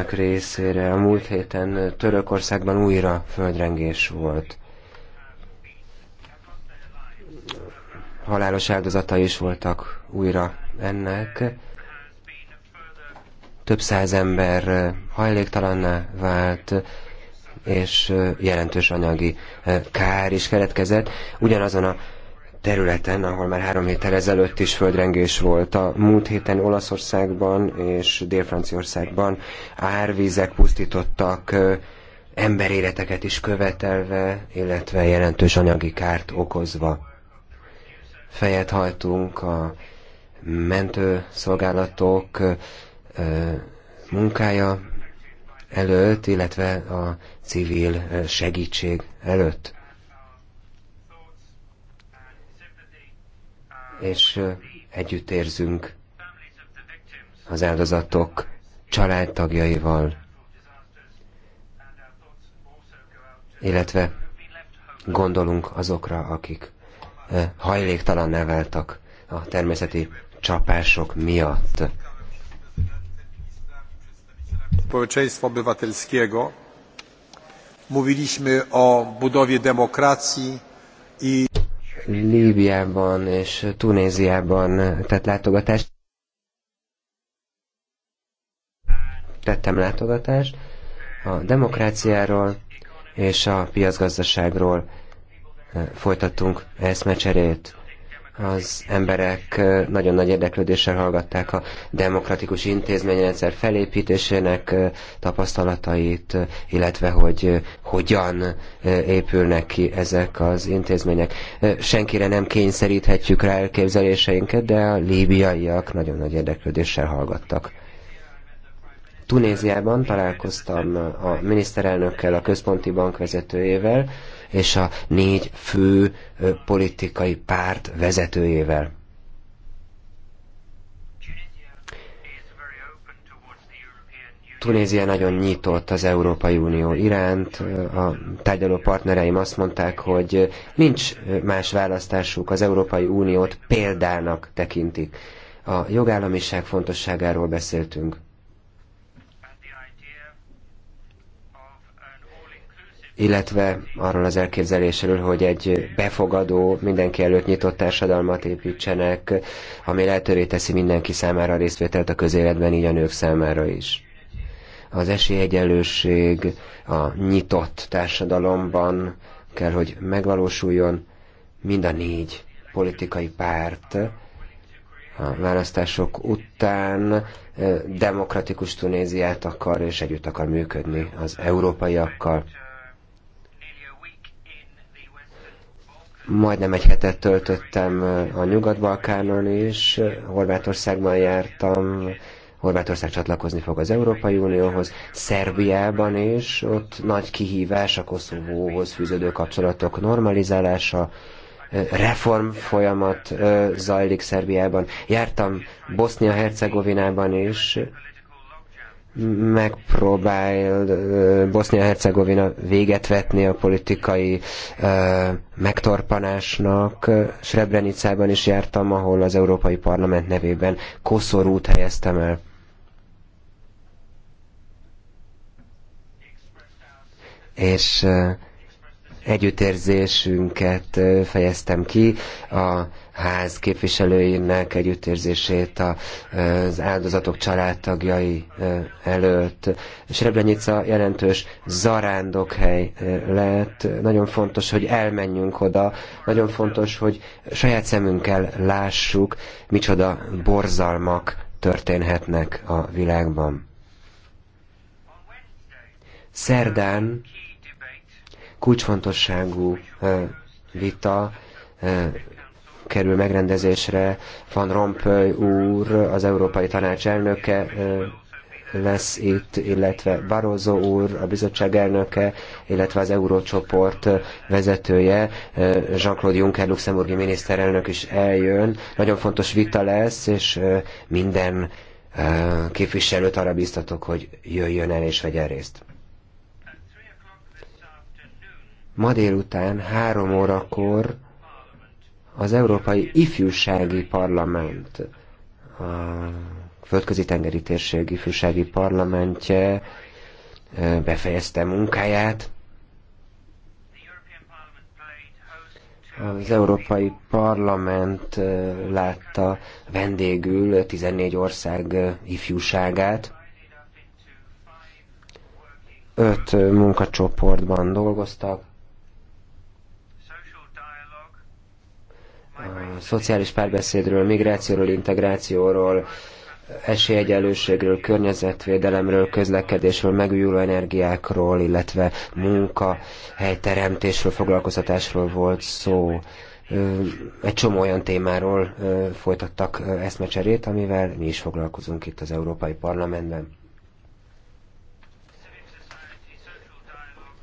önök részére. A múlt héten Törökországban újra földrengés volt. Halálos áldozata is voltak újra ennek. Több száz ember hajléktalanná vált, és jelentős anyagi kár is keletkezett. Ugyanazon a területen, ahol már három héttel ezelőtt is földrengés volt. A múlt héten Olaszországban és Dél-Franciaországban árvízek pusztítottak emberéleteket is követelve, illetve jelentős anyagi kárt okozva. Fejet hajtunk a mentőszolgálatok munkája előtt, illetve a civil segítség előtt. és együtt érzünk az áldozatok családtagjaival, illetve gondolunk azokra, akik hajléktalan váltak a természeti csapások miatt. Społeczeństwa obywatelskiego mówiliśmy o budowie demokracji i Líbiában és Tunéziában tett látogatást. Tettem látogatást a demokráciáról és a piacgazdaságról folytattunk eszmecserét az emberek nagyon nagy érdeklődéssel hallgatták a demokratikus intézményrendszer felépítésének tapasztalatait, illetve hogy hogyan épülnek ki ezek az intézmények. Senkire nem kényszeríthetjük rá elképzeléseinket, de a líbiaiak nagyon nagy érdeklődéssel hallgattak. Tunéziában találkoztam a miniszterelnökkel, a központi bank vezetőjével és a négy fő politikai párt vezetőjével. Tunézia nagyon nyitott az Európai Unió iránt. A tárgyaló partnereim azt mondták, hogy nincs más választásuk, az Európai Uniót példának tekintik. A jogállamiság fontosságáról beszéltünk. illetve arról az elképzelésről, hogy egy befogadó, mindenki előtt nyitott társadalmat építsenek, ami lehetővé teszi mindenki számára a részvételt a közéletben, így a nők számára is. Az esélyegyenlőség a nyitott társadalomban kell, hogy megvalósuljon mind a négy politikai párt a választások után eh, demokratikus Tunéziát akar és együtt akar működni az európaiakkal. Majdnem egy hetet töltöttem a Nyugat-Balkánon is, Horvátországban jártam, Horvátország csatlakozni fog az Európai Unióhoz, Szerbiában is, ott nagy kihívás a Koszovóhoz fűződő kapcsolatok normalizálása, reform folyamat zajlik Szerbiában. Jártam Bosznia-Hercegovinában is, megpróbál Bosznia-Hercegovina véget vetni a politikai megtorpanásnak. Srebrenicában is jártam, ahol az Európai Parlament nevében koszorút helyeztem el. És együttérzésünket fejeztem ki, a ház képviselőinek együttérzését az áldozatok családtagjai előtt. Srebrenica jelentős zarándokhely lett, nagyon fontos, hogy elmenjünk oda, nagyon fontos, hogy saját szemünkkel lássuk, micsoda borzalmak történhetnek a világban. Szerdán kulcsfontosságú vita kerül megrendezésre. Van Rompuy úr, az Európai Tanács elnöke lesz itt, illetve Barozó úr, a bizottság elnöke, illetve az Eurócsoport vezetője, Jean-Claude Juncker, luxemburgi miniszterelnök is eljön. Nagyon fontos vita lesz, és minden képviselőt arra biztatok, hogy jöjjön el és vegyen részt. Ma délután három órakor az Európai Ifjúsági Parlament, a Földközi Tengeri Térség Ifjúsági Parlamentje befejezte munkáját. Az Európai Parlament látta vendégül 14 ország ifjúságát. Öt munkacsoportban dolgoztak, szociális párbeszédről, migrációról, integrációról, esélyegyenlőségről, környezetvédelemről, közlekedésről, megújuló energiákról, illetve munkahelyteremtésről, foglalkoztatásról volt szó. Egy csomó olyan témáról folytattak eszmecserét, amivel mi is foglalkozunk itt az Európai Parlamentben.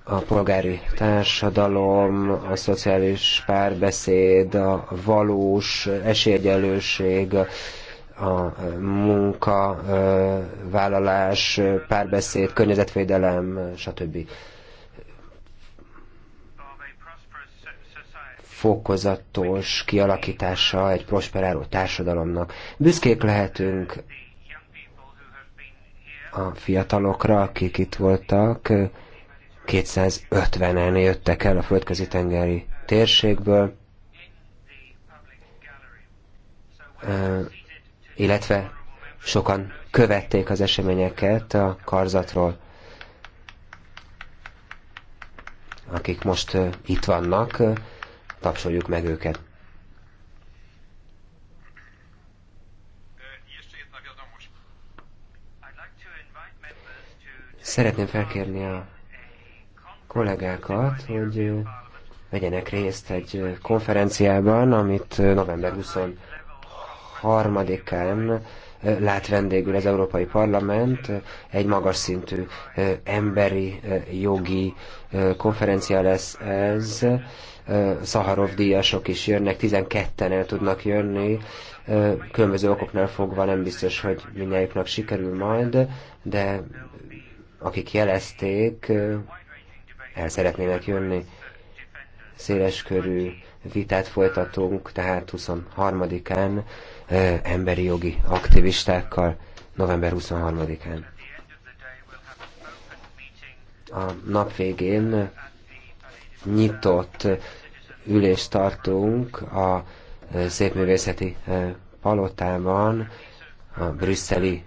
a polgári társadalom, a szociális párbeszéd, a valós esélyegyelőség, a munka vállalás, párbeszéd, környezetvédelem, stb. fokozatos kialakítása egy prosperáló társadalomnak. Büszkék lehetünk a fiatalokra, akik itt voltak, 250-en jöttek el a földközi tengeri térségből, illetve sokan követték az eseményeket a karzatról. Akik most itt vannak, tapsoljuk meg őket. Szeretném felkérni a kollégákat, hogy vegyenek részt egy konferenciában, amit november 23-án lát vendégül az Európai Parlament egy magas szintű emberi jogi konferencia lesz ez. Szaharov díjasok is jönnek, 12-en el tudnak jönni, különböző okoknál fogva nem biztos, hogy mindjárt sikerül majd, de akik jelezték, el szeretnének jönni. Széleskörű vitát folytatunk, tehát 23-án emberi jogi aktivistákkal, november 23-án. A nap végén nyitott ülést tartunk a Szépművészeti Palotában, a brüsszeli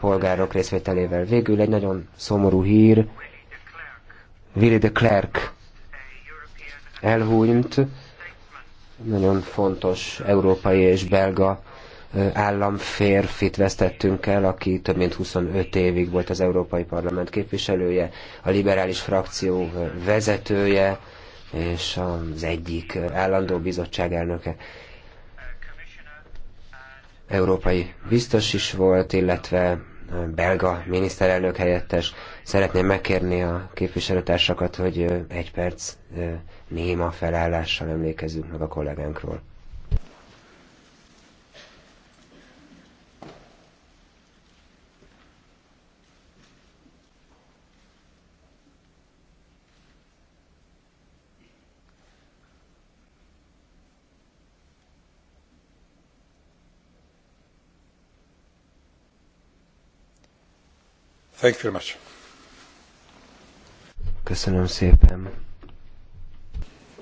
polgárok részvételével. Végül egy nagyon szomorú hír, Willy de Klerk elhúnyt, nagyon fontos európai és belga államférfit vesztettünk el, aki több mint 25 évig volt az Európai Parlament képviselője, a liberális frakció vezetője, és az egyik állandó bizottság elnöke. Európai biztos is volt, illetve belga miniszterelnök helyettes. Szeretném megkérni a képviselőtársakat, hogy egy perc néma felállással emlékezzünk meg a kollégánkról. Thank you very much. Köszönöm szépen.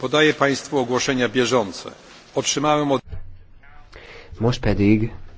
Podaję Państwu ogłoszenia bieżące. Otrzymałem od... Most pedig